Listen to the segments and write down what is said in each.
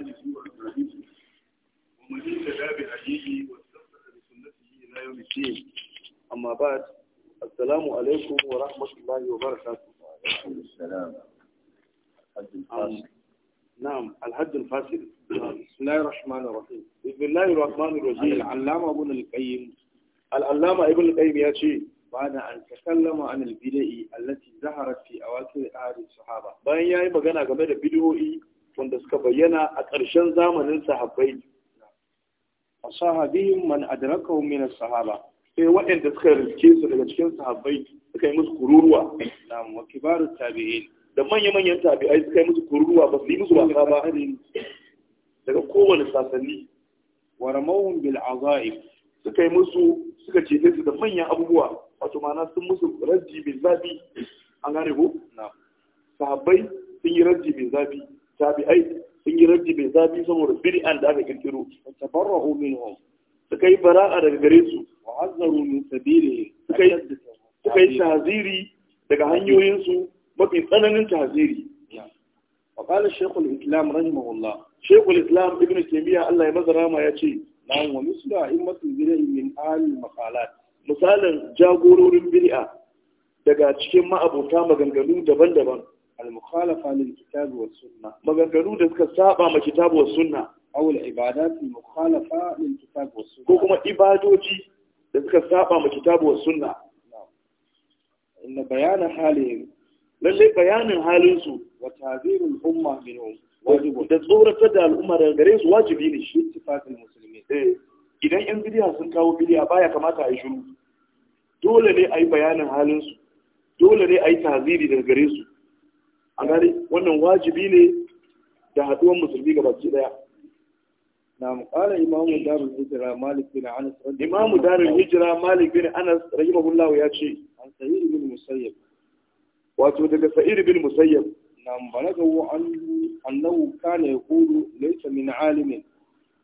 ومن اهتدى بهديه واستمسك بسنته إلى يوم الدين أما بعد السلام عليكم ورحمة الله وبركاته وعليكم السلام الحد الفاصل نعم الحد الفاصل بسم الله الرحمن الرحيم بسم الله الرحمن الرحيم العلامة ابن القيم العلامة ابن القيم يا شيخ بعد أن تكلم عن البدائي التي ظهرت في أواخر اهل الصحابة بين يا magana game da wanda suka bayyana a ƙarshen zamanin sahabbai ashabihim man adrakahum min as-sahaba sai eh, waɗanda suka riske su daga cikin sahabbai suka yi musu kururuwa Na wa kibaru tabi'in da manya-manyan tabi'ai suka yi musu kururuwa ba su yi musu wasa ba daga kowane sasanni wa ramawhum bil azaib suka yi musu suka ce su da manyan abubuwa wato ma'ana sun musu raddi bil zafi an gane ko sahabbai sun yi raddi bil zafi tabi'ai sun yi raddi mai zafi saboda bid'an da aka kirkiro wa tabarra'u minhum suka yi bara'a daga gare su wa azzaru min sabili suka yi suka yi taziri daga hanyoyin su mafi tsananin taziri wa qala shaykhul islam rahimahullah shaykhul islam ibn taymiya Allah ya mazara ma yace na'am wa mislu a'immatul bid'ah min al maqalat misalin jagororin bid'a daga cikin ma'abota maganganu daban-daban al-mukhalafa lil kitab was da suka saba ma kitab was sunna aw al-ibadat al-mukhalafa lil kitab was ko kuma ibadoji da suka saba ma kitab was sunna inna bayana halihim lalle bayanin halin su wa tazirul umma minhum wajibi da tsoratar da al'umma daga gare su wajibi ne shi ittifaqul muslimin eh idan yan bidiya sun kawo bidiya baya kamata a yi shiru dole ne a yi bayanin halin su dole ne a yi taziri daga gare su a gani wannan wajibi ne da haduwar musulmi ga baki daya na'am qala imamu darul hijra malik bin anas imamu darul hijra malik bin anas rahimahullahu ya ce an sa'id bin musayyib wato daga sa'id bin musayyib wa balagahu annahu kana yaqulu laysa min alimin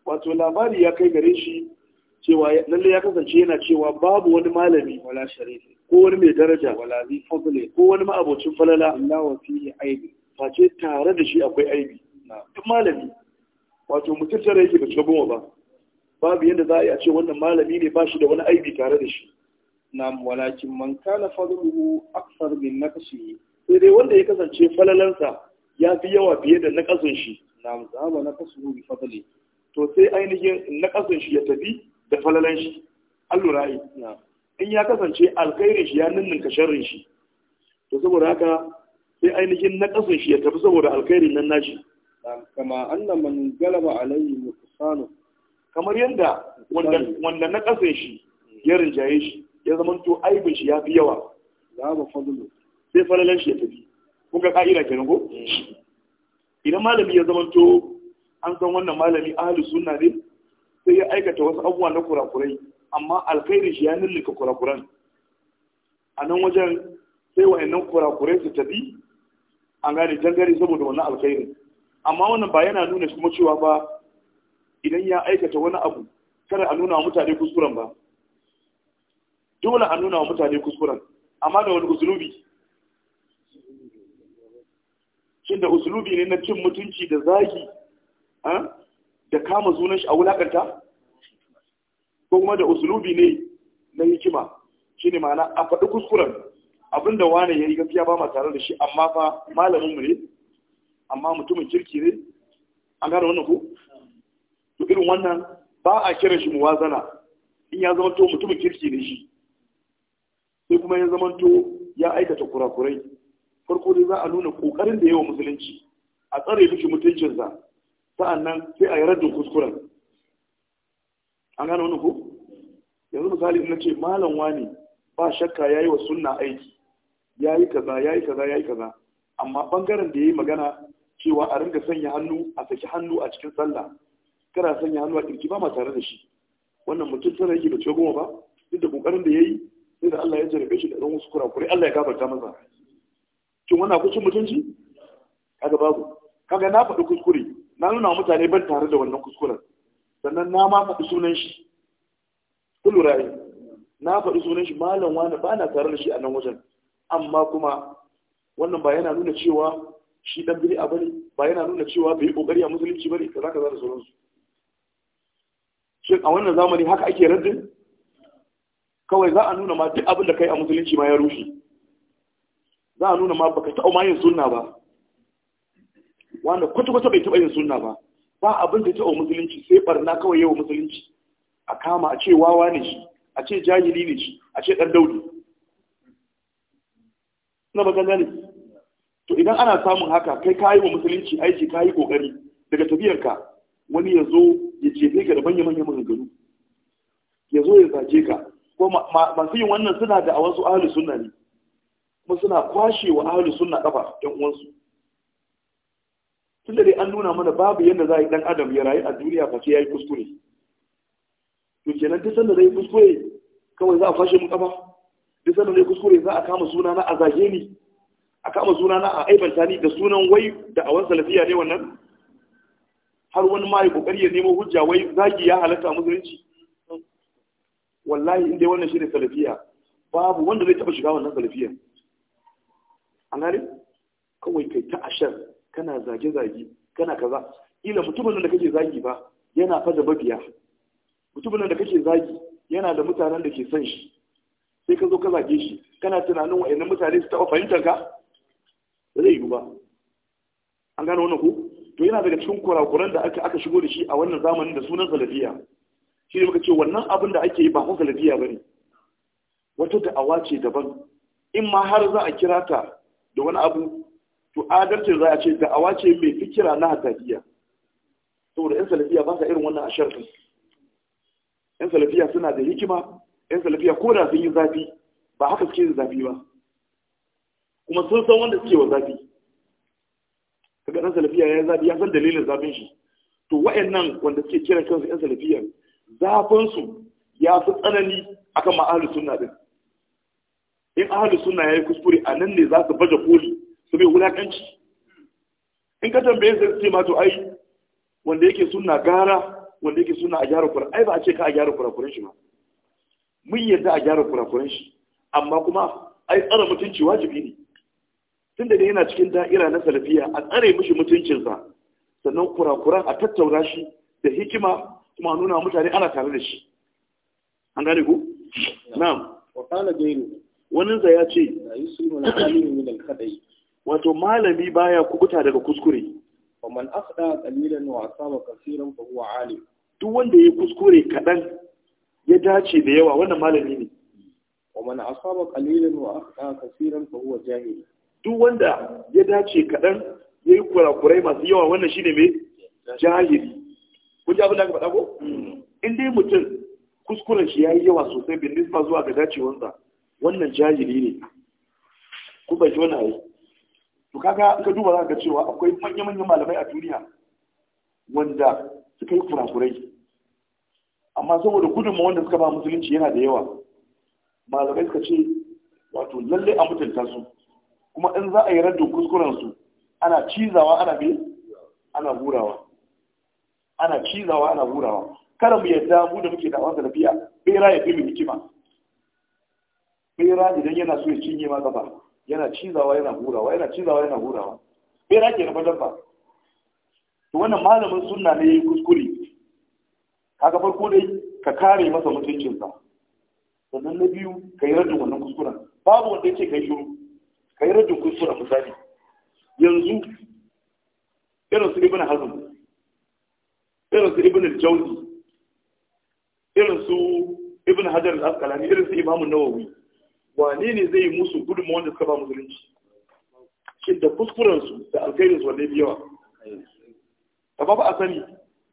wato labari ya kai gare shi cewa lalle ya kasance yana cewa babu wani malami wala sharifi ko wani mai daraja wala zi fadli ko wani ma'abocin falala Allah wa fihi aibi face tare da shi akwai aibi duk malami wato mutum tare yake da cikin ba babu yadda za a yi a ce wannan malami ne ba shi da wani aibi tare da shi nam walakin man kana fadluhu aksar min naqsi sai dai wanda ya kasance falalansa ya fi yawa fiye da naqasin shi nam zaba naqsuhu bi fadli to sai ainihin naqasin shi ya tafi da falalan shi allura'i, yi in ya kasance alkhairin shi ya ninninka sharrin shi to saboda haka sai ainihin na kasan shi ya tafi saboda alkhairin nan nashi kama annan man galaba alayhi nuqsanu kamar yadda wanda na kasan shi ya rinjaye shi ya zamanto aibin shi ya fi yawa ba fadlu sai falalan shi ya tafi kun ga ka'ida kenan ko mm. idan malami ya zamanto an san wannan malami ahlus sunna ne sai ya aikata wasu abubuwa na kurakurai amma alkhairi shi ya nillika kurakuran a nan wajen sai wa'annan kurakurai su tafi an gane jangare saboda wannan alkhairi amma wannan ba yana nuna kuma cewa ba idan ya aikata wani abu kada a nuna wa mutane kuskuren ba dole a nuna wa mutane kuskuren amma da wani usulubi shin da usulubi ne na cin mutunci da zagi da kama sunan shi a wulakanta ko kuma da usulubi ne na hikima shine ma'ana a faɗi kuskuren abinda wane ya yi gaskiya ba ma tare da shi amma fa malamin mu ne amma mutumin kirki ne an gane wannan ko to irin wannan ba a kiran shi muwazana in ya zama to mutumin kirki ne shi sai kuma ya zamanto ya aikata kurakurai farko dai za a nuna kokarin da yawa musulunci a tsare mishi mutuncinsa sa'annan sai a yi raddin kuskuren an gano wani ku yanzu misali na ce malam wani ba shakka ya yi wa sunna aiki ya yi kaza ya yi kaza ya yi kaza amma bangaren da ya yi magana cewa a ringa sanya hannu a saki hannu a cikin sallah kada sanya hannu a kirki ba ma tare da shi wannan mutum tana yake da cewa ba duk da kokarin da ya yi sai da Allah ya jarabe shi da ɗan wasu kurakurai Allah ya gafarta masa shin wannan akwai cin mutunci kaga babu kaga na faɗi kuskure na nuna mutane ban tare da wannan kuskuren sannan na ma faɗi sunan shi kullu na faɗi sunan shi malam wani ba na tare da shi a nan wajen amma kuma wannan ba yana nuna cewa shi dan a bane ba yana nuna cewa bai kokari a musulunci bane kaza kaza da sauransu shin a wannan zamani haka ake raddin kawai za a nuna ma duk abin da kai a musulunci ma ya rushe za a nuna ma baka taɓa ma yin sunna ba wanda kwata-kwata bai taɓa yin suna ba ba abin da ya taɓa musulunci sai barna kawai yawa musulunci a kama a ce wawa ne shi a ce jahili ne shi a ce ɗan daudi na ba gane to idan ana samun haka kai ka yi wa musulunci aiki ka yi ƙoƙari daga tafiyarka wani ya zo ya jefe ka da manya-manya maganganu ya zo ya zaje ka ko masu yin wannan suna da a wasu ahalus sunna ne kuma suna kwashe wa ahalus sunna kafa ɗan uwansu tunda dai an nuna mana babu yadda za a yi dan adam ya rayu a duniya ba sai ya yi kuskure to kenan duk sanda zai kuskure kawai za a fashe mu kafa duk sanda zai kuskure za a kama suna na a zage ni a kama suna na a aibanta ni da sunan wai da awan salafiya ne wannan har wani ma ya kokari ya nemo hujja wai zagi ya halatta musulunci wallahi in dai wannan shine salafiya babu wanda zai taba shiga wannan salafiyan an gane kawai kai ta ashar kana zage-zage kana kaza ila mutumin da kake zagi ba yana fa da mabiya mutumin da kake zagi yana da mutanen da ke son shi sai ka zo ka zage shi kana tunanin wa'annan mutane su taɓa fahimtar ka ba zai yiwu ba an gano wannan ku to yana daga cikin kurakuran da aka aka shigo da shi a wannan zamanin da sunan salafiya shi ne muka ce wannan abin da ake yi ba ko salafiya ba ne wata da'awa ce daban in ma har za a kira ta da wani abu to adalci za a ce da'awa ce mai fikira na hadadiya saboda yan salafiya ba sa irin wannan a sharfin yan salafiya suna da hikima yan salafiya ko da sun yi zafi ba haka suke yin zafi ba kuma sun san wanda suke wa zafi kaga dan salafiya ya zafi ya san dalilin zafin shi to wayannan wanda suke kiran kansu yan salafiya zafin su ya fi tsanani akan ma ahlus sunna din in ahlus sunna yayi kuskure a nan ne za su baje koli su mai wulaƙanci in ka tambaye su ce ma to ai wanda yake suna gara wanda yake suna a gyara kura ai ba a ce ka a gyara kurakuren shi ba mun yarda a gyara kurakuren shi amma kuma ai tsara mutunci wajibi ne tunda da yana cikin da'ira na salafiya a tsare mishi mutuncinsa sannan kurakuran a tattauna shi da hikima kuma a nuna mutane ana tare da shi an gane ku na'am wa kana gairu wani ya ce la yusimu al min al kadai wato malami baya kubuta daga kuskure wa man akhda qalilan wa asaba kaseeran fa huwa alim duk wanda ya kuskure kadan ya dace da yawa wannan malami ne wa man asaba qalilan wa akhda kaseeran fa huwa jahil duk wanda ya dace kadan yayi kurakurai masu yawa wannan shine me jahili kun ji abin da aka faɗa ko mm. in dai mutum kuskuren shi yayi yawa sosai bin nisba zuwa ga dacewansa wannan jahili ne ku bai ji wannan to kaga ka duba za ka cewa akwai manya-manyan malamai a duniya wanda suka yi kurakurai amma saboda gudunma wanda suka ba musulunci yana da yawa malamai suka ce wato lalle a mutunta su kuma in za a yi raddun kuskurensu ana cizawa ana bi ana hurawa ana cizawa ana hurawa kada mu yadda mu da muke da lafiya bera ya fi mu hikima bera idan yana so ya cinye ma gaba yana cizawa yana hurawa yana cizawa yana hurawa sai rake na fadan ba to wannan malamin sunna ne yayi kuskure kaga farko dai ka kare masa mutuncinsa sannan na biyu ka yi rajin wannan kuskuren babu wanda ce ka yi shuru ka yi rajin kuskuren misali yanzu irin su ibn hazm irin su ibn al irin su ibn hajar al-asqalani irin su Imamu nawawi wane ne zai musu gudunmu wanda suka ba musulunci shi da kuskurensu da alkhairinsu wanda biyawa? fi yawa ba a sani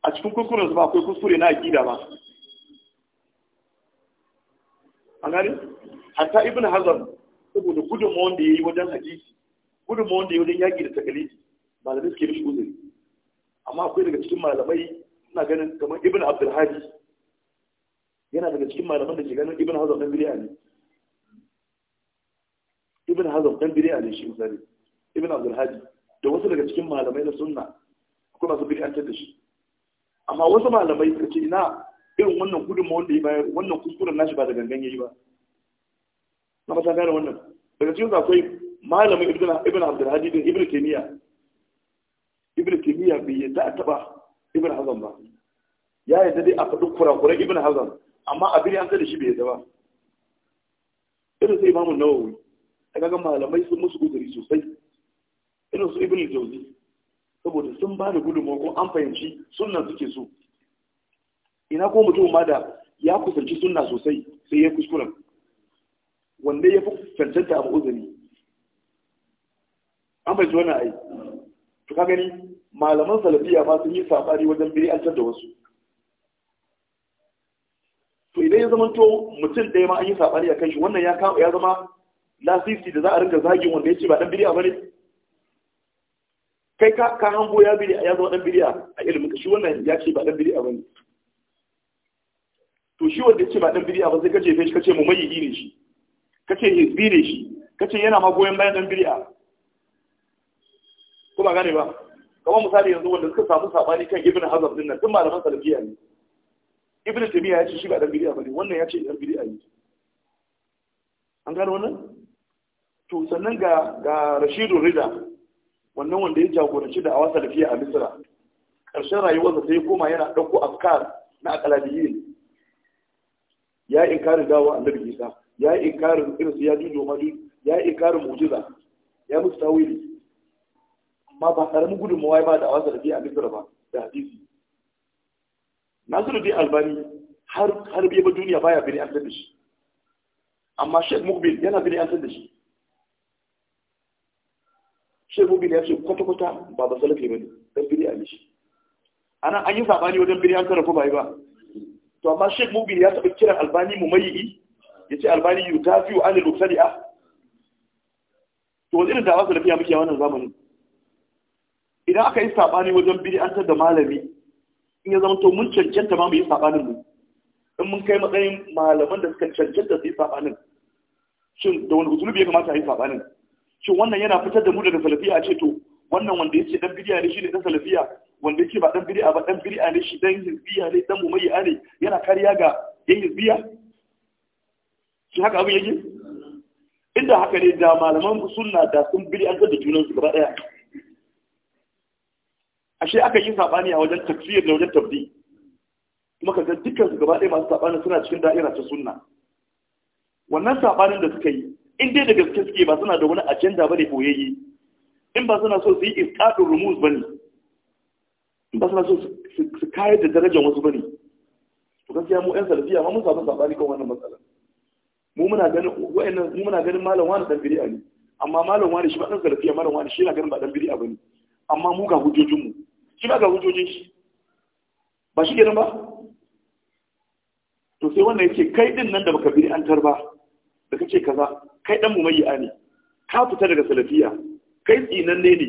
a cikin kuskurensu ba akwai kuskure na aƙida ba a gani hatta ibn hazar saboda gudunmu wanda ya yi wajen hadisi gudunmu wanda ya yi wajen yaƙi da ba malamai suke da shi uzuri amma akwai daga cikin malamai suna ganin kamar ibn abdulhadi yana daga cikin malaman da ke ganin ibn hazar ɗan biliya ne ibn hazm dan bire ne shi misali ibn abdul hadi da wasu daga cikin malamai na sunna su masu bid'antar da shi amma wasu malamai suka ce ina irin wannan gudunmawa wanda ya bayar wannan kuskuren nashi ba da gangan yayi ba na mata gane wannan daga cikin akwai malamin ibn ibn abdul hadi din ibn kimiya ibn kimiya bai yadda taba ibn hazm ba ya yadda dai a faɗi kurakuran ibn hazm amma abin an da shi bai yadda ba irin sai imamu nawawi kaga malamai sun musu guduri sosai irin su ibn jauzi saboda sun ba da gudunmawa ko an fahimci sunna suke so ina ko mutum ma da ya kusanci sunna sosai sai ya kuskuren wanda ya fi cancanta abu uzuri an fahimci wannan ai to ka gani malaman salafiya ma sun yi safari wajen biri'antar da wasu to idan ya zama to mutum ɗaya ma an yi safari a kan shi wannan ya zama lasisi da za a rinka zagin wanda ya ce ba dan bidiya bane kai ka ka hango ya bidi ya zama dan bidiya a ilimin ka shi wannan ya ce ba dan bidiya bane to shi wanda ya ce ba dan bidiya ba sai ka jefe shi ce mu mayyi ne shi ka ce hizbi ne shi ka ce yana ma goyon bayan dan bidiya ko ba gane ba kamar misali yanzu wanda suka samu sabani kan ibnu hazar din nan duk malaman salafiya ne ibnu tabiya ya ce shi ba dan bidiya bane wannan ya ce dan bidiya ne an gano wannan to sannan ga ga Rashidu Rida wannan wanda ya jagoranci da awa salafiya a Misira, ƙarshen rayuwarsa sai koma yana ɗauko afkar na akalabiyin ya inkarin dawo a nabi Isa ya inkarin irin ya dudu madu ya inkarin mu'jiza ya musu tawili amma ba karamin gudunmawa ya ba da awa salafiya a Misira ba da hadisi Nasiruddin Albani har har bai ba duniya baya bin an da shi amma Sheikh Mukbil yana bin an da shi shi mubin ya ce kwata-kwata ba ba salafi ba ne don biri a mishi ana an yi sabani wajen biri an sarrafa bai ba to amma shi mubin ya taɓa kiran albani mu mai ya ce albani yu ta fiye an luksari a to wani irin dawa lafiya muke wannan zamanin idan aka yi sabani wajen biri an tar da malami in ya zama to mun cancanta ma mu yi sabanin mu in mun kai matsayin malaman da suka cancanta su yi sabanin shin da wani zunubi ya kamata a yi sabanin shin wannan yana fitar da mu daga salafiya ce to wannan wanda yace dan bid'a ne ne dan salafiya wanda yake ba dan bid'a ba dan bid'a ne shi dan hizbiya ne dan mumayya ne yana kariya ga yan hizbiya shi haka abin yake inda haka ne da malaman sunna da sun an da junan su gaba daya ashe aka yi sabani a wajen tafsir da wajen tabdi kuma ka ga dukkan su gaba daya masu sabani suna cikin da'ira ta sunna wannan sabanin da suka yi in dai da gaske suke ba suna da wani ajanda bane boyayye in ba suna so su yi rumus rumuz bane in ba suna so su kayar da darajar wasu bane to gaskiya mu yan salafiya ma mun samu sabani kan wannan matsalar mu muna ganin wa'annan mu muna ganin malam wani dan bid'a ne amma malam wani shi ba dan salafiya malam wani shi na ganin ba dan bid'a bane amma mu ga hujojin mu shi ba ga hujojin shi ba shi kenan ba to sai wannan yake kai din nan da baka bid'antar ba da kace kaza kai dan mumayya ne ka fita daga salafiya kai tsinan ne ne.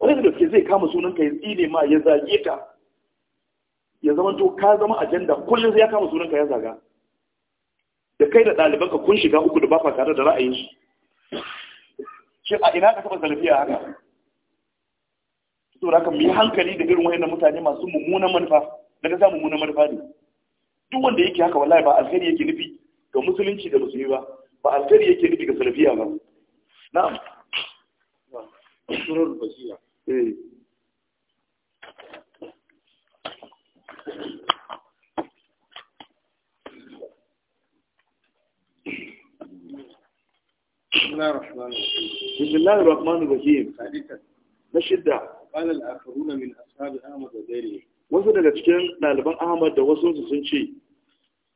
wani da gaske zai kama sunan ka ya tsine ma ya zage ka ya zama to ka zama ajanda kullum sai ya kama sunan ka ya zaga da kai da ɗalibanka kun shiga uku da ba fa tare da ra'ayin shi shi a ina ka taɓa salafiya haka to raka mu yi hankali da irin wayannan mutane masu mummunan manufa daga sa mummunan manufa ne duk wanda yake haka wallahi ba alheri yake nufi ga musulunci da musulmi ba ba alkhairi yake nufi ga salafiya ba na'am surar basiya بسم الله الرحمن الرحيم na shidda الاخرون من min احمد وغيره wa wasu daga cikin daliban ahmad da wasu sun ce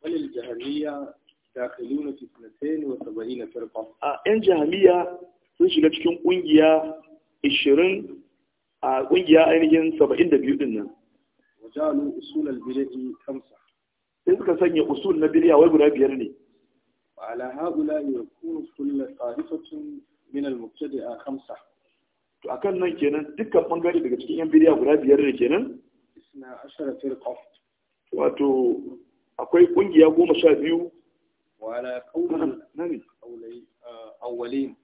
walil jahiliya dakhiluna fi 72 firqa a yan jahamiya sun shiga cikin kungiya 20 a kungiya ainihin 72 din nan wajalu usul al-bid'i khamsa sai suka sanya usul na bid'a wai guda biyar ne ala haula to akan nan kenan dukkan bangare daga cikin yan bid'a guda biyar ne kenan isna ashara firqa wato akwai kungiya goma sha biyu وعلى قول الأولين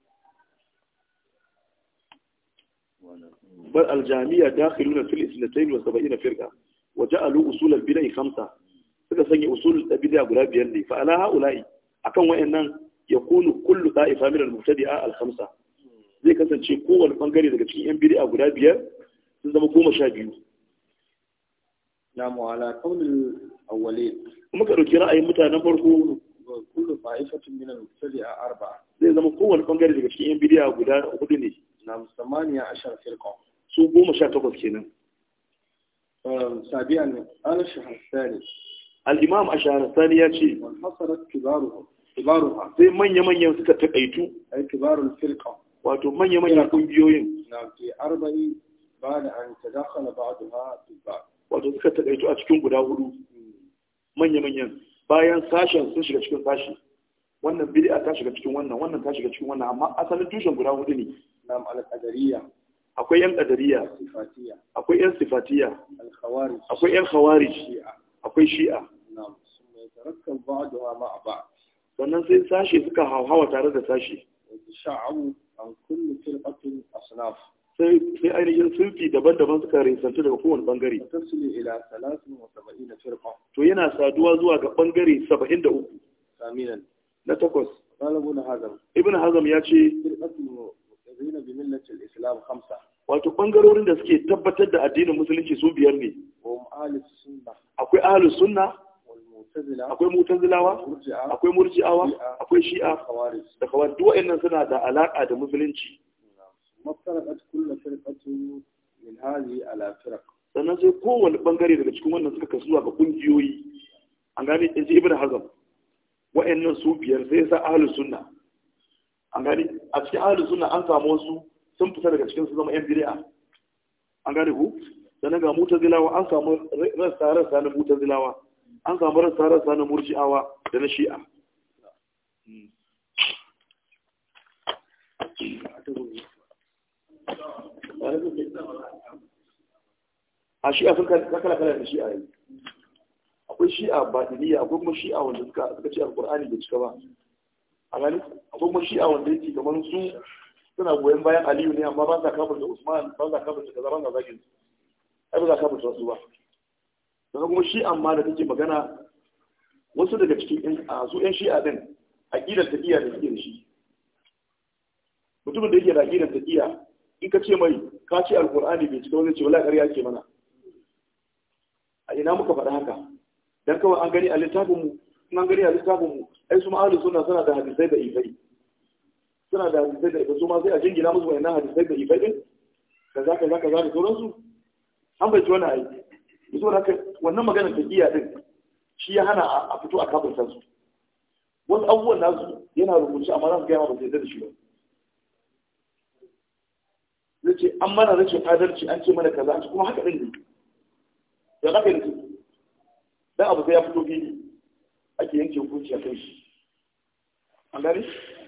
بل الجامية داخلون في الاثنتين وسبعين فرقة وجعلوا أصول البناء خمسة suka sanya usul da guda biyar ne fa ala haula'i akan wayannan yakunu kullu da'ifa min al-mubtadi'a al-khamsa zai kasance kowane bangare daga cikin yan bid'a guda biyar sun zama goma sha biyu muka dauki ra'ayin mutanen farko kullu fa'ifatun min al a arba'a zai zama kowane bangare daga cikin yan bidiya guda hudu ne na musamaniya ashar firqa su goma sha takwas kenan sabi'an al-shahrastani al-imam ash-shahrastani ya ce wal hasarat kibaruhum kibaruha sai manya manyan suka takaitu ay kibarun firqa wato manya manyan kungiyoyin na fi arba'i ba da an tadakhala ba'daha fi ba'd wato suka takaitu a cikin guda hudu manya manyan bayan sashen sun shiga cikin sashi wannan bid'a ta shiga cikin wannan wannan ta shiga cikin wannan amma asalin tushen guda hudu ne nam al-qadariyya akwai yan qadariyya sifatiya akwai yan sifatiya al-khawarij akwai yan khawarij akwai shi'a nam summa yatarakkab ba'daha ma'a ba'd sannan sai sashi suka hawa tare da sashi sha'abu an kullu firqatin asnaf sai ainihin sufi daban-daban suka rinsantu daga kowane bangare tafsili ila 73 firqa to yana saduwa zuwa ga bangare da aminan na takwas ibn Hazam ibn ya ce firqatu bi islam wato bangarorin da suke tabbatar da addinin musulunci su biyar ne akwai ahlus sunna akwai mutazilawa akwai murji'awa akwai shi'a da kawar duk suna da alaƙa da musulunci maftarakat kullu firqatin min hadhihi ala firaq sannan sai kowane bangare daga cikin wannan suka kasu ga kungiyoyi an gane in ji ibnu hazm wa'annan su biyar sai sa ahlus sunna an gane a cikin ahlus sunna an samu wasu sun fita daga cikin su zama yan bid'a an gane ku sannan ga mutazilawa an samu rassa rassa na mutazilawa an samu rassa rassa na murji'awa da na shi'a a shi'a sun kala kala da shi'a yi akwai shi'a batiniya akwai kuma shi'a wanda suka suka ce alqur'ani bai cika ba a gani akwai kuma shi'a wanda yake kamar su suna goyon bayan aliyu ne amma ba sa kafir da usman ba sa kafir da kaza ba sa zagin ai ba sa kafir da wasu ba sannan kuma shi'a ma da take magana wasu daga cikin su yan shi'a din aqidar taqiya da suke da shi mutumin da yake da aqidar iya in ka ce mai ka ce alkur'ani bai cika wani ce wala ƙarya ke mana a ina muka faɗa haka dan kawai an gani a littafin mu an gani a littafin mu ai su ma'alu suna suna da hadisai da ifai suna da hadisai da ifai su ma sai a jingina musu nan hadisai da ifai din kaza kaza kaza da su an bai ci wani aiki yanzu haka wannan ta tafiya din shi ya hana a fito a kafin sansu. wasu abubuwan nasu yana rubuce amma za su gaya ma ba su yarda da shi ba zai ce an mana rashin adalci an ce mana kaza ce kuma haka ɗin ne da za ka dan abu sai ya fito fili ake yanke hukunci a kai shi an gani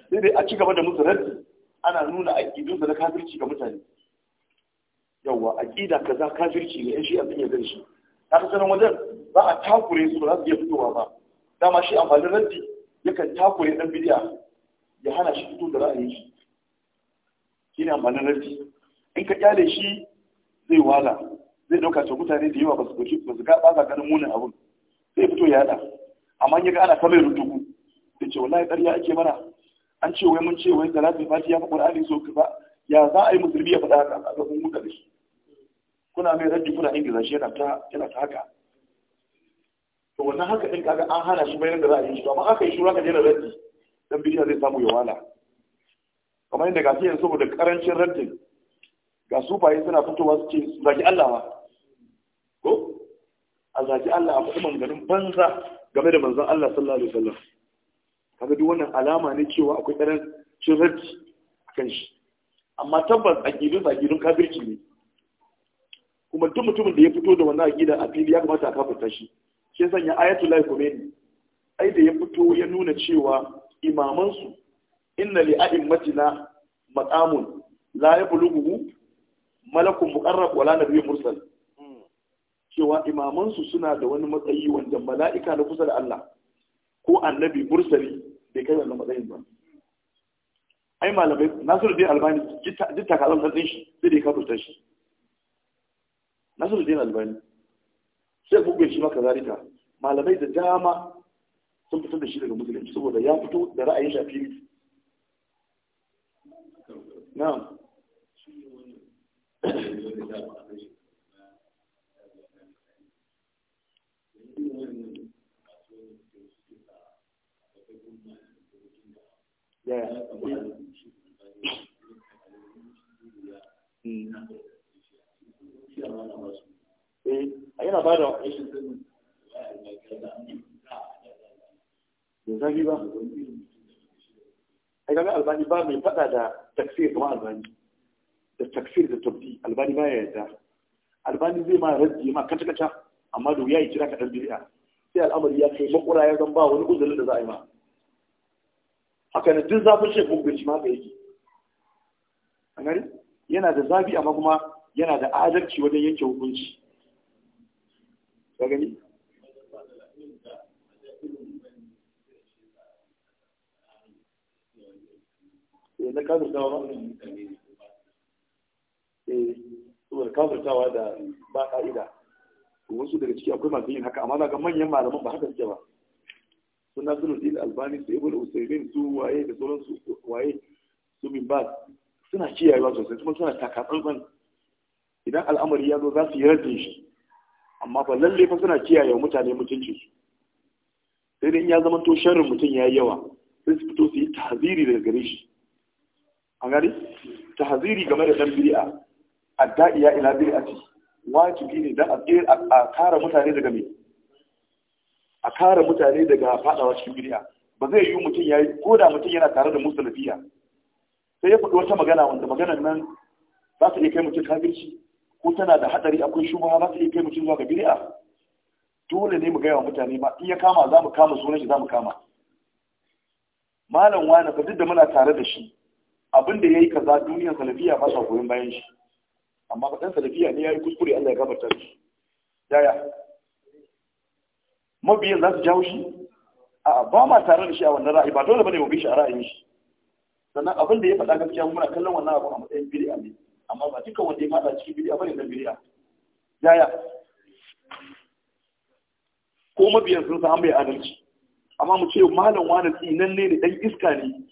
sai dai a ci gaba da musu raddi ana nuna aƙidunsa na kafirci ga mutane yawwa aƙida kaza kafirci ne yan shi'a sun yarda shi ta ka sanar wajen za a takure su ba za su iya fitowa ba dama shi amfanin raddi yakan takure ɗan bidiya ya hana shi fito da ra'ayin shi a amfanin raddi in ka kyale shi zai wala zai dauka to mutane da yawa ba su goci ba su ga ganin munin abun Zai fito ya da amma ya ga ana kamar mai da ce wallahi ƙarya ake mana an ce wai mun ce wai Fati ya fi qur'ani so ka ya za a yi musulmi ya faɗa haka a gaban muka da shi kuna mai raddi kuna ingiza shi yana ta yana ta haka to wannan haka din kaga an hana shi bayan da za a yi shi amma aka yi shura ka daina raddi dan bishiya zai samu ya wala kamar yadda gashi yanzu saboda karancin raddin ga sufaye suna fitowa su ce zaki Allah ma ko a zaki Allah a faɗi manganin banza game da manzon Allah sallallahu alaihi wasallam kaga duk wannan alama ne cewa akwai ɗaran cin a akan shi amma tabbas a aqidun aqidun kafirci ne kuma duk mutumin da ya fito da wannan gidan a fili ya kamata a kafirta shi shi sanya ayatullahi khomeini ai da ya fito ya nuna cewa imamansu inna li a'immatina maqamun la yablughu malakun muqarrab wala nabiy mursal cewa imamansu suna da wani matsayi wanda mala'ika na kusa da Allah ko annabi mursali bai kai wannan matsayin ba ai malamai nasiru albani duk da tsatsin shi sai da ka kafurta shi nasiru albani sai bugun shi maka zarika malamai da dama sun fitar da shi daga musulunci saboda ya fito da ra'ayin shafi na'am Eh, yana ba da da zafi albani ba mai fada da taksir albani takfir da tabbi albani baya yarda albani zai ma raddi ma kata kata amma da wuya ya kira ka dan bid'a sai al'amari ya kai makura ya zan ba wani uzurin da za a yi ma haka ne duk zafin shek mugunci ma ga yake a gari yana da zafi amma kuma yana da adalci wajen yanke hukunci ka gani eh, na kasar da ba Eh, saboda kafirtawa da ba ka'ida wasu daga ciki akwai masu yin haka amma za ga manyan malaman ba haka suke ba sun na sulu da albani su ibn usaimin su waye da sauran su waye su bin ba suna kiyayewa sosai kuma suna takatsantsan idan al'amari ya zo za su yi rajin shi amma ba lalle fa suna kiyaye mutane mutunci sai dai in ya zama to sharrin mutum ya yi yawa sai su fito su yi tahaziri daga gare shi an gani tahaziri game da dan bid'a adda'iya ila bid'ati wajibi ne dan a kare mutane daga me a kare mutane daga fadawa cikin bid'a ba zai yi mutum yayi ko da mutum yana tare da musulmiya sai ya faɗi wata magana wanda maganar nan za ta iya kai mutum kafirci ko tana da hadari akwai shubha za ta iya kai mutum zuwa ga bid'a dole ne mu gaya wa mutane ba in ya kama za mu kama sunan shi za mu kama malam wani fa duk da muna tare da shi abin da ya yi kaza duniyar salafiya ba sa goyon bayan shi amma ba da fiya ne ya yi kuskure Allah ya gabata shi yaya mabiyan za su jawo shi a'a ba ma tare da shi a wannan ra'ayi ba dole bane mu bi shi a ra'ayin shi sannan abin da ya faɗa gaskiya muna kallon wannan abu a matsayin bid'a ne amma ba dukkan wanda ya faɗa cikin bid'a bane na bid'a yaya ko mabiyan sun san bai adalci amma mu ce malam wani tsinan ne da dan iska ne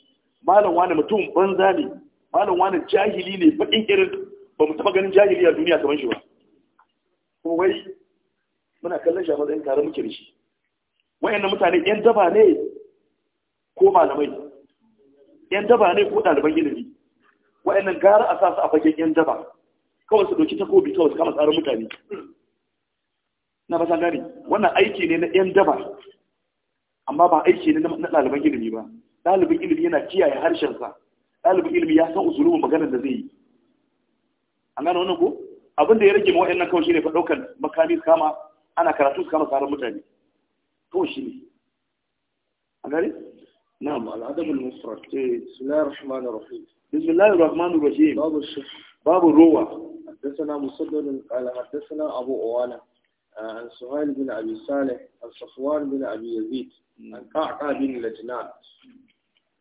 malam wani mutum banza ne malam wani jahili ne baƙin irin ba mu taɓa ganin jahili duniya kamar shi ba kuma wai muna kallon shi a matsayin tare muke da shi wayannan mutane yan daba ne ko malamai yan daba ne ko ɗaliban ilimi wayannan gara a sasa a fagen yan daba kawai su ɗauki takobi kawai su kama tsarin mutane na fasa gani wannan aiki ne na yan daba amma ba aiki ne na ɗaliban ilimi ba ɗalibin ilimi yana kiyaye harshensa ɗalibin ilimi ya san usulubin maganar da zai yi an wannan ko abin da ya rage ma wa'annan kawai shine fa daukar makami su kama ana karatu su kama tsaron mutane kawai shine A gane na'am al'adab al-mufrad eh, bismillahir rahmanir rahim bismillahir rahmanir rahim babu babu ruwa حدثنا مسدد قال حدثنا أبو أوانا عن سهيل بن أبي صالح عن بن أبي يزيد عن قعقع بن لجنان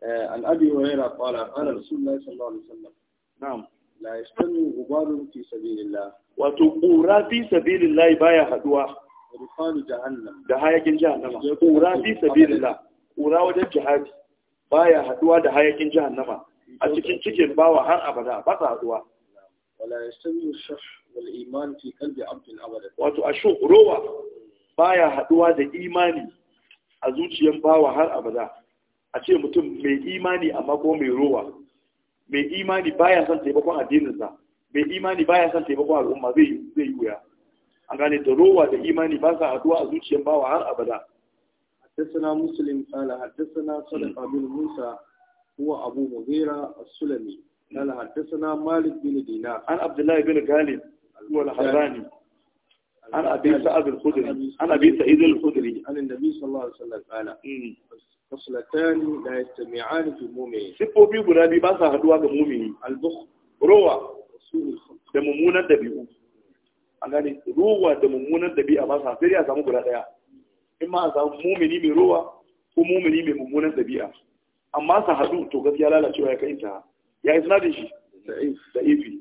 عن أبي هريرة قال قال رسول الله صلى الله عليه وسلم نعم la yastanu gubarun fi sabilillah wato qura fi sabilillah baya haduwa rufanu jahannam da hayakin jahannama qura fi sabilillah qura wajen jihadi baya haduwa da hayakin jahannama a cikin cikin bawa har abada ba sa haduwa wala yastanu shakh wal iman fi qalbi abdin abada wato ashu rowa baya haduwa da imani a zuciyar bawa har abada a ce mutum mai imani amma ko mai rowa mai imani baya san taimakon addininsa mai imani baya san taimakon al'umma zai zai yi an gane da rowa da imani ba sa addu'a a zuciyar bawa har abada haddathana muslim qala haddathana sadaq bin musa huwa abu muhira a sulami qala haddathana malik bin Dina. an Abdullahi bin galib huwa al-harrani an abi sa'ad al an abi sa'id al an inda nabi sallallahu alaihi wasallam خصلتان لا يجتمعان في المؤمن سبوبي غدا بي باسا حدوا ga mu'mini al-bukh ruwa da mummunan dabi'u an gane ruwa da mummunan dabi'a ba sa sai ya samu guda daya in ma a samu mu'mini mai ruwa ko mu'mini mai mummunan dabi'a amma sa hadu to gaskiya lalacewa ya kai ta ya isna da shi da ifi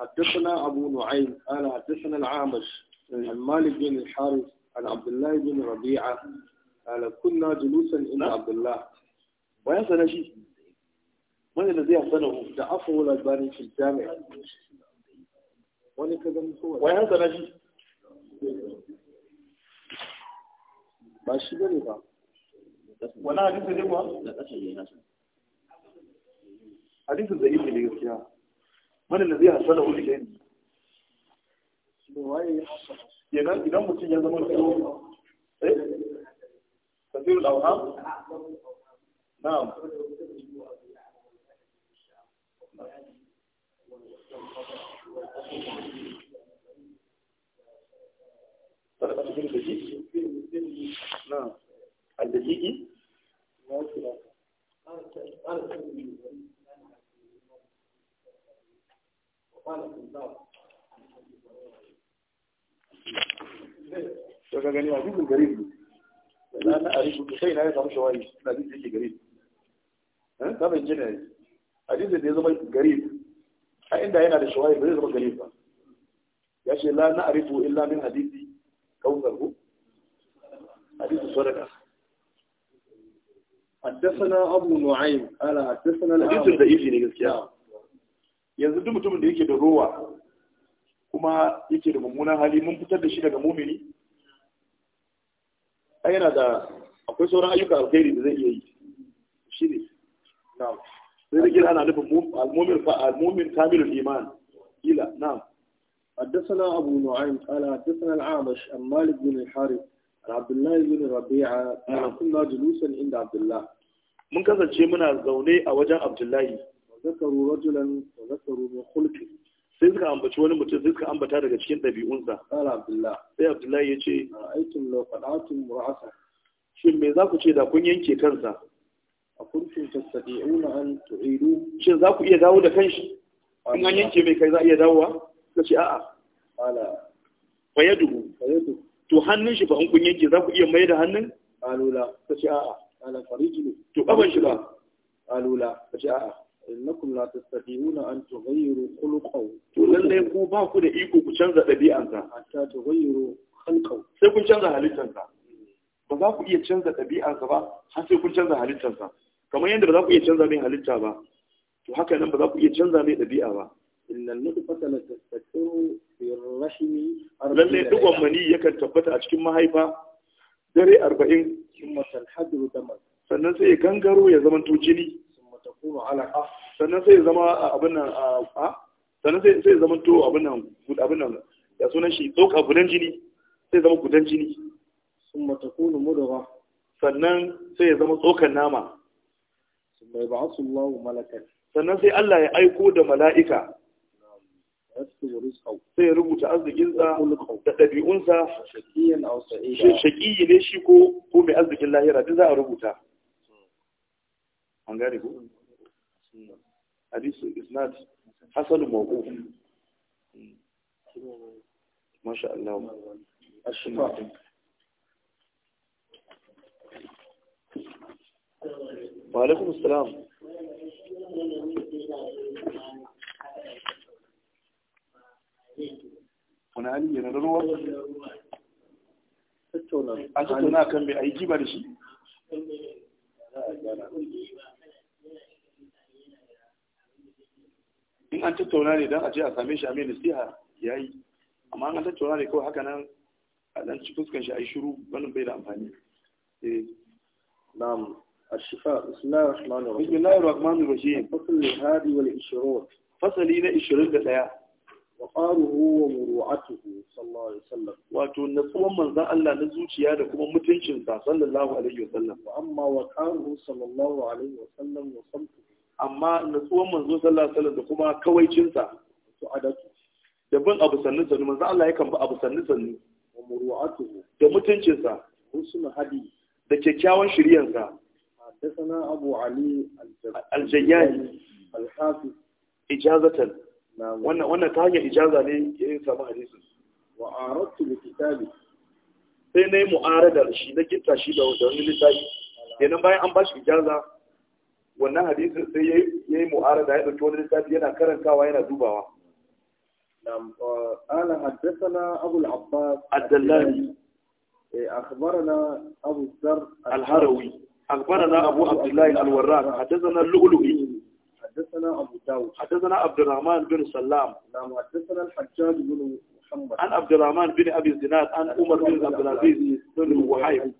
حدثنا أبو نعيم قال حدثنا العامش عن مالك بن الحارث عن عبد الله بن ربيعة kala kunna julusan ina abdullah bayan sana shi wanda da zai sana hu da afu labarin shi jami'a wani ka gani kowa bayan sana shi ba shi bane ba wani hadisi ne kuwa hadisin da yake ne gaskiya wanda da zai sana hu da shi ne waye ya hasana idan mutum ya zama ciwo eh كثير الأوهام نعم طريقة تجيب samu shawayi suna jin da yake gari ta bai jina ne hadisin da ya zama gari a inda yana da shawayi ba zai zama gari ba ya ce la na arifu illa min hadisi kawzar ku hadisi sadaka حدثنا أبو نعيم قال حدثنا الحديث ضعيف ne gaskiya yanzu duk mutumin da yake da rowa kuma yake da mummunan hali mun fitar da shi daga mumini ai yana da akwai sauran ayyuka alkhairi da zai iya yi shi ne na'am sai da kira ana nufin al-mu'min al-mu'min kamilul iman ila na'am حدثنا أبو نعيم قال حدثنا العامش عن مالك بن الحارث عن عبد الله بن ربيعة قال كنا جلوسا عند عبد الله من كذا شيء من الزوني أو عبد الله وذكروا رجلا وذكروا من خلقه sai suka ambaci wani mutum sai ambata daga cikin ɗabi'unsa. Kala Abdullah. Sai Abdullahi ya ce. Ra'aytum law qad'atum ra'asa. shin me za ku ce da kun yanke kansa a kuntum tastati'una an tu'idu shin za ku iya dawo da kanshi in an yanke mai kai za iya dawowa ka ce a'a ala fayaduhu fayaduhu to hannun shi fa in kun yanke za ku iya mai da hannun alula ka ce a'a ala farijilu to kaban shi ba alula ka ce a'a innakum la tastati'una an tughayyiru khuluqahu to lalle ku ba ku da iko ku canza dabi'ansa hatta tughayyiru khalqahu sai kun canza halittansa ba za ku iya canza ɗabi'arsa ba har sai kun canza halittarsa kamar yadda ba za ku iya canza mai halitta ba to haka nan ba za ku iya canza mai ɗabi'a ba innal nutfata la tastatiru fi rahimi lalle dugon mani yakan tabbata a cikin mahaifa dare 40 thumma tanhadru damar sannan sai ya gangaro ya zama to jini alaqa sannan sai ya zama abin nan a sannan sai sai zama to abin nan abin nan ya sunan shi tsoka gudan jini sai zama gudan jini thumma takunu sannan sai ya zama tsokan nama thumma malakan sannan sai Allah ya aiko da mala'ika sai ya rubuta arzikinsa da ɗabi'unsa shaƙiyi ne shi ko ko mai arzikin lahira duk za a rubuta an hadisu hasan hmm. masha Allah wa alaikum salam wani hali yana da ruwa an tattauna kan bai aiki ba da shi in an tattauna ne don a ce a same shi a mai nasiha ya yi amma an tattauna ne kawai haka nan a ɗan ci fuskan shi a yi shuru wannan bai da amfani Eh, na'am الشفاء بسم الله الرحمن الرحيم بسم الله الرحمن الرحيم فصل الهادي والعشرون فصل إلى عشرين دقيقة وقاله ومروعته صلى الله عليه وسلم واتو نسوان من ذا ألا نزوتي يا كما متنشن صلى الله عليه وسلم وأما وقاله صلى الله عليه وسلم وصمته أما نسوان من ذا صلى الله عليه وسلم كما كوي جنسا سعدته دبن أبو سنسا من ذا ألا yakan bi سنسا ومروعته دمتنشن wa muru'atuhu da mutuncinsa da kyakkyawan shiryansa حدثنا أبو علي الجياني الحافظ إجازة وانا وانا تاجي إجازة لي يسمى حديثه وعارضت لكتابي sai na yi mu'arada da shi na gitta shi da wani littafi kenan bayan an bashi ijaza wannan hadisin sai ya yi mu'arada ya ɗauki wani littafi yana karantawa yana dubawa قال حدثنا أبو العباس الدلالي na abu الزر alharawi. أخبرنا أبو عبد الله الوراق حدثنا اللؤلؤي حدثنا أبو داود حدثنا عبد الرحمن بن سلام نعم حدثنا الحجاج بن محمد عن عبد الرحمن بن أبي الزناد عن عمر بن عبد العزيز بن وحيد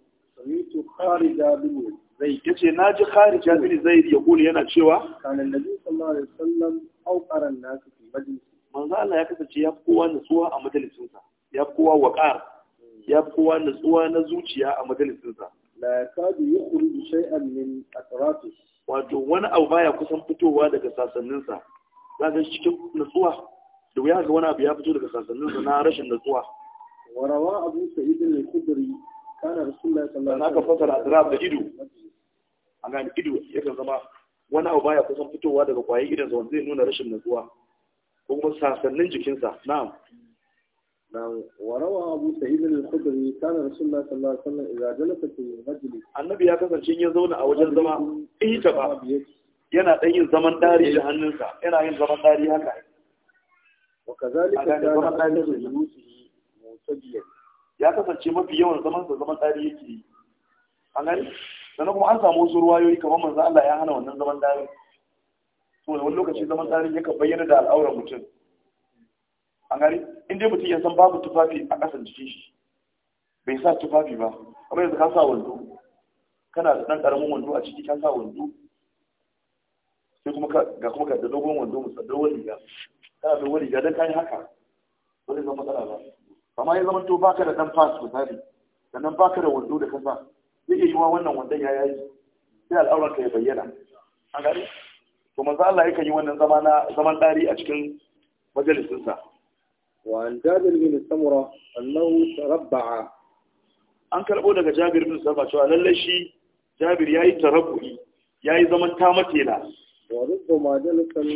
سمعت خارج بن زيد يجي ناجي خارج بن زيد يقول هنا شوى كان النبي صلى الله عليه وسلم أوقر الناس في مجلس manzo Allah ya kasance ya fi kowa nutsuwa a majalisinsa ya fi kowa waƙar ya fi kowa nutsuwa na zuciya a majalisinsa la yakadu yukhruju shay'an min atrafihi wato wani abu baya kusan fitowa daga sasannin sa ga cikin nutsuwa da wuya ga wani abu ya fito daga sa na rashin nutsuwa warawa abu sa'id al-khudri kana rasulullahi sallallahu alaihi wasallam aka fasara da ido an ga ido yakan zama wani abu baya kusan fitowa daga kwaye idan zai nuna rashin nutsuwa ko kuma sasannin jikinsa na'am وروى أبو سعيد الخدري كان رسول الله صلى الله عليه وسلم إذا جلس في المجلس النبي ya kasance ya zauna a wajen zama ihtaba yana dan yin zaman dari da hannunsa yana yin zaman dari haka Wa wakazalika kana zaman dari da yusufi mutabiyan ya kasance mafi yawan zaman sa zaman dari yake yi an gani sannan kuma an samu wasu ruwayoyi kamar manzo Allah ya hana wannan zaman dari to wani lokaci zaman dari yake bayyana da al'auran mutum an gari inda mutum ya san babu tufafi a kasan jikin shi bai sa tufafi ba amma yanzu ka sa wando kana da ɗan ƙaramin wando a ciki ka sa wando sai kuma ga kuma ka da dogon wando musa wani riga kana wani riga don kai haka wani zama matsala ba amma ya zama to baka da ɗan fas misali sannan baka da wando da kasa zai iya yi wa wannan wandon ya yayi sai al'auranka ya bayyana an gari to manzo Allah yakan yi wannan zama na zaman dari a cikin majalisinsa وعن جابر بن سمرة أنه تربع an karɓo daga jabir bin sarfa cewa lallai shi jabir ya yi tarabu'i ya yi zaman tamatela wa rubba ma dalikan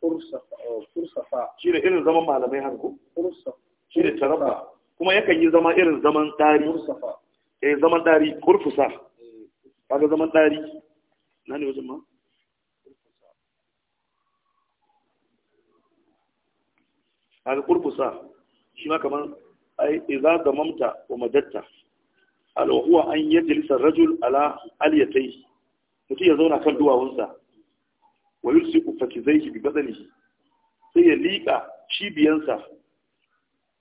fursafa shi da irin zaman malamai har shi da tarabba kuma yakan yi zama irin zaman ɗari fursafa eh zaman ɗari kurfusa kaga zaman ɗari kaga kurkusa shi ma kamar ai idza damamta wa madatta al huwa an yajlisa rajul ala aliyatai mutum ya zauna kan duwawunsa wa yulsiku fakizaihi bi badanihi sai ya liƙa cibiyansa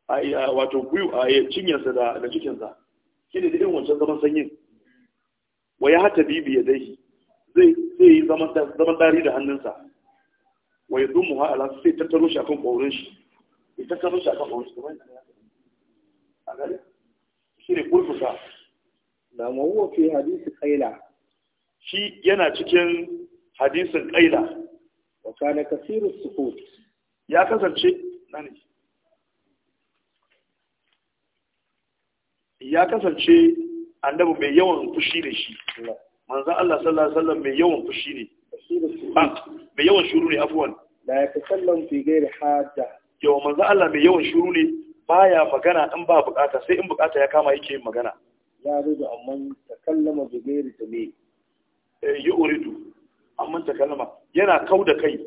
a wato guyu a cinyarsa da da cikinsa shi ne irin wancan zaman sanyin wa ya hata bibi ya dai zai yi zaman dari da hannunsa wa ya dummu ha ala sai tattaro shi akan ƙorin shi shi a kan ɓawarsu kamar yadda a gani shi ne kurkusa na mawuwa fi hadisi kaila shi yana cikin hadisin kaila wa kana kasiru sukut ya kasance nani ya kasance annabi mai yawan fushi ne shi manzan Allah sallallahu alaihi wasallam mai yawan fushi ne mai yawan shuru ne man manzo Allah mai yawan shiru ne baya magana in ba bukata sai in bukata ya kama yake yin magana ya rudu kallama takallama bi ghairi tabi eh, yi uridu amman takallama yana kauda kai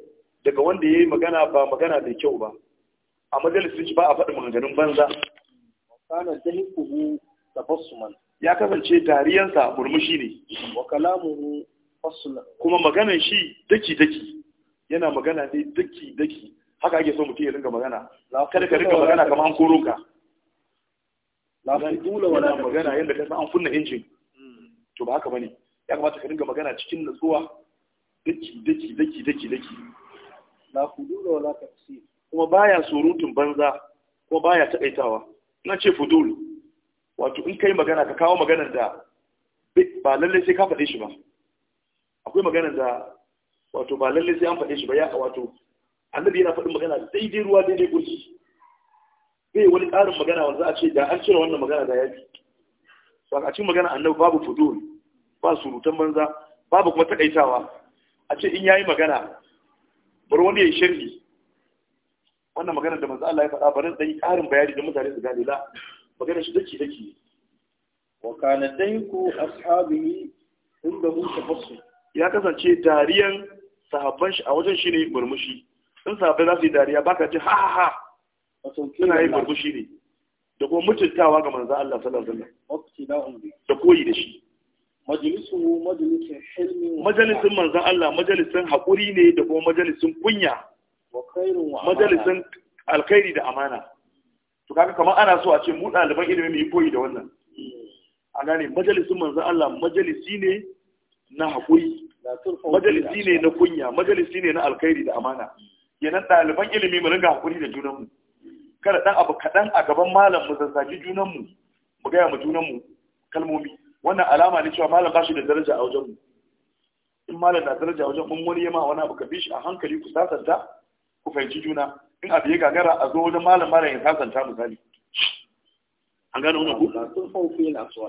daga wanda yayi magana ba magana mai kyau ba a majalisin ba a faɗi maganganun banza kana dahiquhu tafassuman ya kasance dariyansa murmushi ne wa kalamuhu faslan kuma maganan shi daki daki yana magana ne daki daki haka ake so mutum ya ringa magana kada ka ringa magana kamar an koro ka dole wala magana yadda ka san an kunna injin hmm. to ba haka bane ya kamata ka ringa magana cikin nutsuwa daki daki daki daki daki la dula wala tafsir kuma baya surutun banza kuma baya takaitawa ina ce fudul wato in kai magana ka kawo maganar da ba lalle sai ka faɗe shi ba akwai maganar da wato ba lalle sai an faɗe shi ba ya wato annabi yana faɗin magana daidai ruwa daidai gurji zai wani ƙarin magana wanda za a ce da an cire wannan magana da yafi to a cikin magana annabi babu fudul ba surutan banza babu kuma takaitawa a ce in yayi magana bar wani yayi sharhi wannan magana da manzo Allah ya faɗa bar dan ƙarin bayani da mutane su gane la magana shi dake dake wa kana dayku ashabihi inda hu tafassul ya kasance dariyan sahabban shi a wajen shi ne murmushi in sabai za su yi dariya baka ji ha ha ha suna yi burbushi ne da kuma mutuntawa ga manzo Allah sallallahu alaihi wasallam da koyi da shi majalisu majalisin hilmi majalisin manzo Allah majalisin hakuri ne da kuma majalisin kunya majalisin alkhairi da amana to kaga kamar ana so a ce mu ɗaliban ilimi mu yi koyi da wannan hmm. a gane majalisin manzan Allah majalisi ne na hakuri majalisi ne na kunya majalisi ne na alkhairi da amana kenan ɗaliban ilimi mu ringa hakuri da junanmu kada ɗan abu kaɗan a gaban malam mu zazzaki junanmu mu gaya mu junanmu kalmomi wannan alama ne cewa malam ba shi da daraja a wajenmu in malam na daraja a wajen mun wani yama wani abu ka bi shi a hankali ku sasanta ku fahimci juna in abu ya gagara a zo wajen malam malam ya sasanta misali an gane wannan ku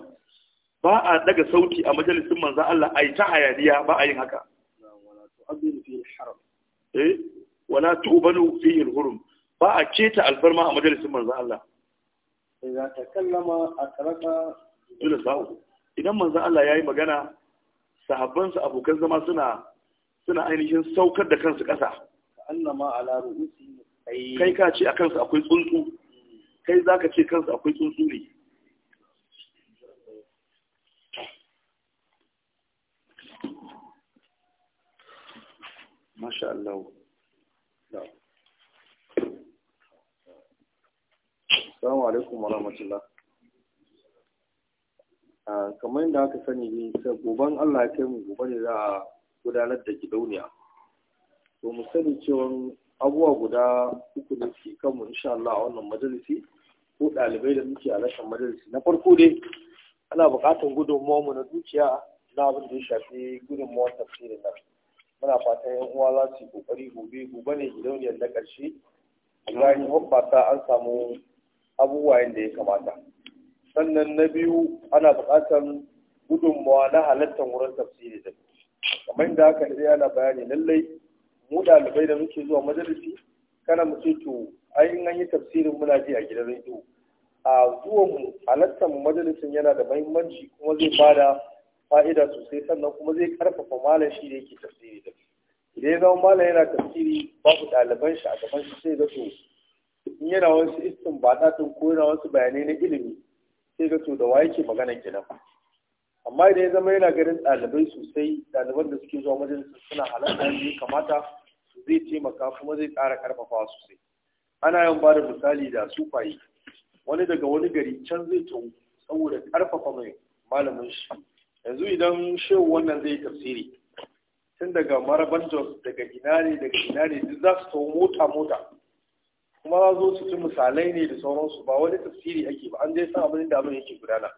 ba a daga sauti a majalisin manzan Allah a yi ta hayaniya ba a yin haka eh wala tubalu fihi al-hurum ba a keta alfarma a majalisin manzo Allah idan takallama akraka dole sa'u idan manzo Allah yayi magana sahabbansa abokan zama suna suna ainihin saukar da kansu ƙasa annama ala ru'usi kai ka ce a kansu akwai tsuntsu kai zaka ce kansu akwai tsuntsu ne masha Allah Assalamu alaikum wa Ah Kamar yadda aka sani ne, goban Allah ya kai mu gobe ne za a gudanar da gidauniya. To mu sani cewa abubuwa guda uku ne suke kanmu insha Allah a wannan majalisi ko ɗalibai da muke a rashin majalisi. Na farko dai ana buƙatar gudunmuwa mu na dukiya na abin da ya shafi gudunmawar tafsirin nan. Muna fatan yan uwa za su yi ƙoƙari gobe gobe ne gidauniyar na ƙarshe. Ibrahim Hobbata an samu abubuwa da ya kamata sannan na biyu ana buƙatar gudunmawa na halartar wurin tafsiri da kamar da haka da yana bayani lallai mu ɗalibai da muke zuwa majalisi kana mu ce to ai an yi tafsirin muna ji a gidan rediyo a zuwan mu halartar majalisin yana da mahimmanci kuma zai bada fa'ida sosai sannan kuma zai karfafa malam shi da yake tafsiri da idan ya zama malam yana tafsiri babu ɗaliban shi a gaban shi sai da in yana wasu istin ba ɗaɗin ko yana wasu bayanai na ilimi sai ga to da wa yake magana kenan amma idan ya zama yana ganin ɗalibai sosai ɗaliban da suke zuwa majalisa suna halarta ne ya kamata zai taimaka kuma zai ƙara ƙarfafawa sosai ana yin ba da misali da su sufaye wani daga wani gari can zai tawo saboda ƙarfafa mai malamin shi yanzu idan shehu wannan zai tafsiri tun daga maraban daga ina ne daga ina ne duk za su tawo mota mota kuma za zo su ci misalai ne da sauransu ba wani tafsiri ake ba an dai san abin da abin yake gudana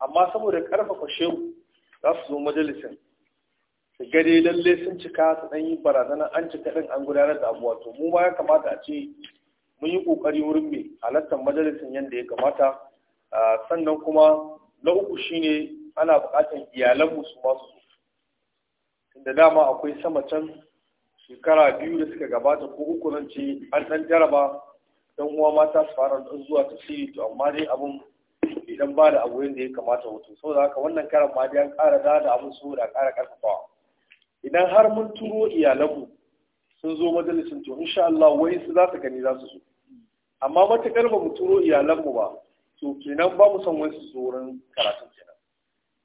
amma saboda karfafa shehu za su zo majalisin su gare lalle sun cika su dan yi barazana an cika din an gudanar da abuwa to mu ma ya kamata a ce mun yi kokari wurin mai halartar majalisin yadda ya kamata sannan kuma na uku shine ana buƙatar iyalan su masu Da dama akwai sama can shekara biyu da suka gabata ko uku nan ce an dan jaraba dan uwa mata su fara dan zuwa tafsiri to amma dai abun idan ba da abu yadda ya kamata wato saboda haka wannan karan ma dai an ƙara da da abun saboda ƙara ƙarfafawa idan har mun turo iyalanmu sun zo majalisin to insha Allah wai su za su gani za su zo amma matakar ba mu turo iyalanmu ba to kenan ba mu san wani su zo wurin karatun kenan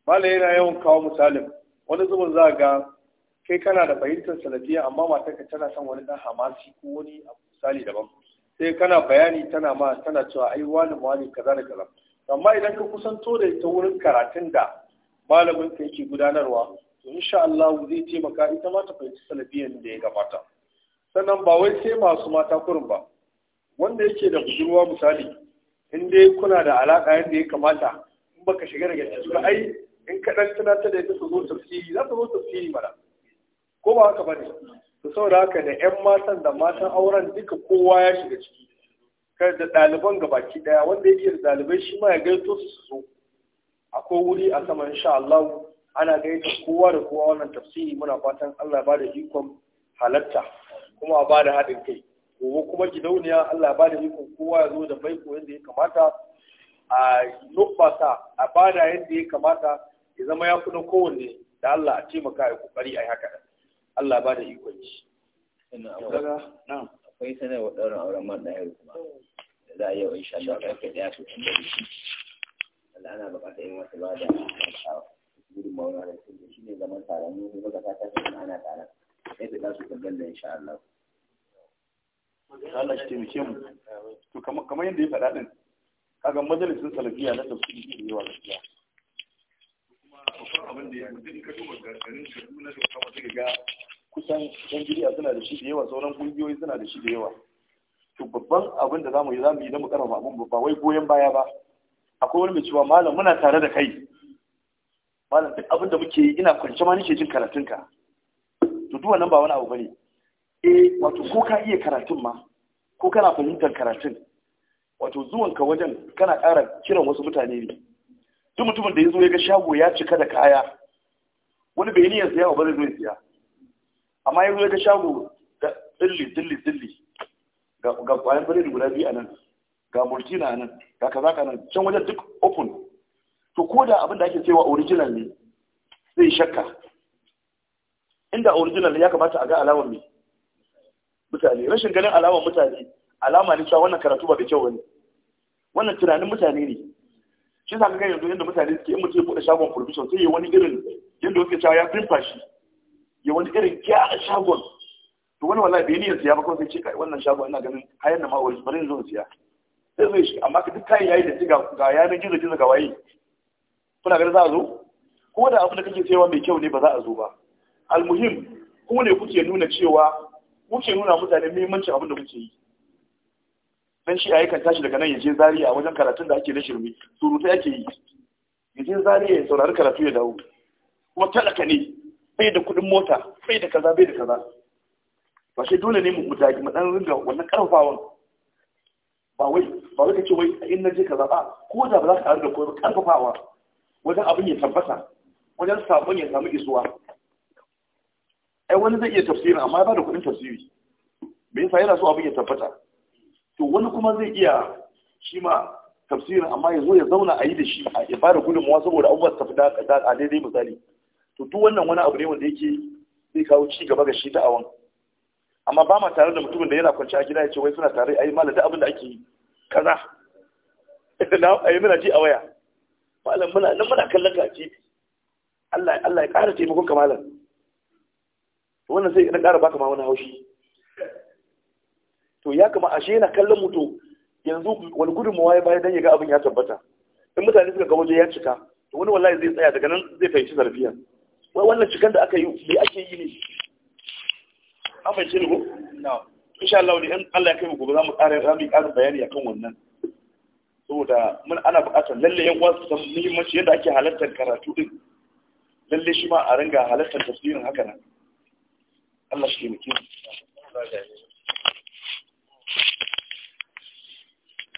malai yana yawan kawo misalin wani zuban za ga kai kana da fahimtar salafiya amma matarka tana son wani dan hamasi ko wani misali daban sai kana bayani tana ma tana cewa ai wani wani kaza da kaza amma idan ka kusanto da ita wurin karatun da malamin ka yake gudanarwa to insha Allah zai taimaka ita ma ta fahimci salafiyan da ya gabata sannan ba wai sai masu mata kurin ba wanda yake da budurwa misali in dai kuna da alaka yadda ya kamata in baka shiga daga cikin ai in kaɗan tunatar da ita su zo tafsiri za ta zo tafsiri mana ko ba haka bane to saboda haka da ƴan matan da matan auren duka kowa ya shiga ciki kar da ɗaliban gabaki ɗaya wanda yake da ɗalibai shi ma ya gaito su su akwai wuri a sama insha Allah ana gaita kowa da kowa wannan tafsiri muna fatan Allah ya bada ikon halatta kuma a bada haɗin kai gobe kuma gidauniya Allah ya bada ikon kowa ya zo da baiko yadda ya kamata a nufasa a bada yadda ya kamata ya zama ya kuna kowanne da Allah a taimaka ya kokari a yi haka Allah ba da ikon shi akwai sanarwa ɗaurin auren man ɗaya kuma da za a yau insha Allah ƙarfe ɗaya to ɗan dari Allah ana buƙatar yin wasu ba da gudun mauna da sun shi ne zaman taron yin zuba ta ta sun ana taron sai fi ɗansu ɗan da insha Allah Allah shi taimake mu to kamar yadda ya faɗa ɗin kaga majalisin salafiya na tafsiri ne wa gaskiya kusan ka duba garin kaduna da kuma zai ga kusan yan jiriya suna da shi da yawa sauran kungiyoyi suna da shi da yawa to babban abin da zamu yi zamu yi na mu karama abin ba wai goyon baya ba akwai wani mai cewa malam muna tare da kai malam duk abin da muke yi ina kwance ma nake jin karatunka to duk wannan ba wani abu bane eh wato ko ka iya karatun ma ko kana fahimtar karatun wato zuwanka wajen kana ƙara kiran wasu mutane ne duk mutumin da ya zo ya ga shago ya cika da kaya wani bai niyan siya ba zai zo ya siya amma ya zo ya ga shago da dilli dilli dilli ga kwayan biredi guda biyu a nan ga multina a nan ga kaza ka nan can wajen duk open to ko da abin da ake cewa original ne zai shakka inda original ne ya kamata a ga alamar mai mutane rashin ganin alamar mutane alama ne cewa wannan karatu ba da kyau ne. wannan tunanin mutane ne shi sa kaga yanzu yadda mutane suke in mutum ya bude shagon provision sai ya wani irin yadda wasu cewa ya fimfa shi ya wani irin gyara shagon to wani wallahi bai niyyar siya ba kawai sai ce kai wannan shagon ina ganin hayar na ma'awar bari in zo siya sai zai shi amma duk kayan yayi da ga ga yanar gizo gizo ga waye kuna ganin za a zo ko da abin da kake cewa mai kyau ne ba za a zo ba almuhim ku ne kuke nuna cewa kuke nuna mutane muhimmancin abin da kuke yi dan shi ayyukan tashi daga nan ya je Zariya wajen karatun da ake na shirme surutu yake yi ya je Zariya ya saurari karatu ya dawo kuma talaka ne bai da kuɗin mota bai da kaza bai da kaza ba shi dole ne mu dage mu dan ringa wannan karfafawan ba wai ba wai kace wai in na je kaza ba ko da ba za ka ringa koyar karfafawa wajen abin ya tabbata wajen sabon ya samu isuwa ai wani zai iya tafsiri amma ba da kuɗin tafsiri me yasa yana so abin ya tabbata to wani kuma zai iya shi ma tafsirin amma ya zo ya zauna a yi da shi ya bada gudunmuwa saboda abubuwan tafi da a daidai misali to duk wannan wani abu ne wanda yake zai kawo ci gaba ga shi da'awan amma ba ma tare da mutumin da yana kwanci a gida ya ce wai suna tare a yi malam abin da ake kaza a yi muna ji a waya malam muna nan muna kallon ka tv Allah ya ƙara taimakon ka wannan zai na ƙara baka ma wani haushi to ya kama ashe yana kallon mu yanzu wani gudunmawa ya bayar dan ya ga abin ya tabbata in mutane suka ga waje ya cika to wani wallahi zai tsaya daga nan zai fahimci zarfiya wai wannan cikan da aka yi me ake yi ne an fahimci ne ko sha Allah wani, in Allah ya kai mu gobe za mu ƙara za mu ƙara bayani akan wannan saboda mun ana buƙatar lalle yan uwa su san muhimmanci yadda ake halartar karatu din lalle shi ma a ringa halartar tafsirin haka nan Allah shi ke mutum